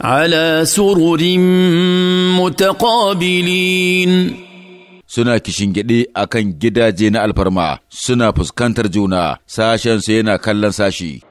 على سرر متقابلين suna kishingiɗe a kan gidaje na alfarma suna fuskantar juna sashen su yana kallon sashi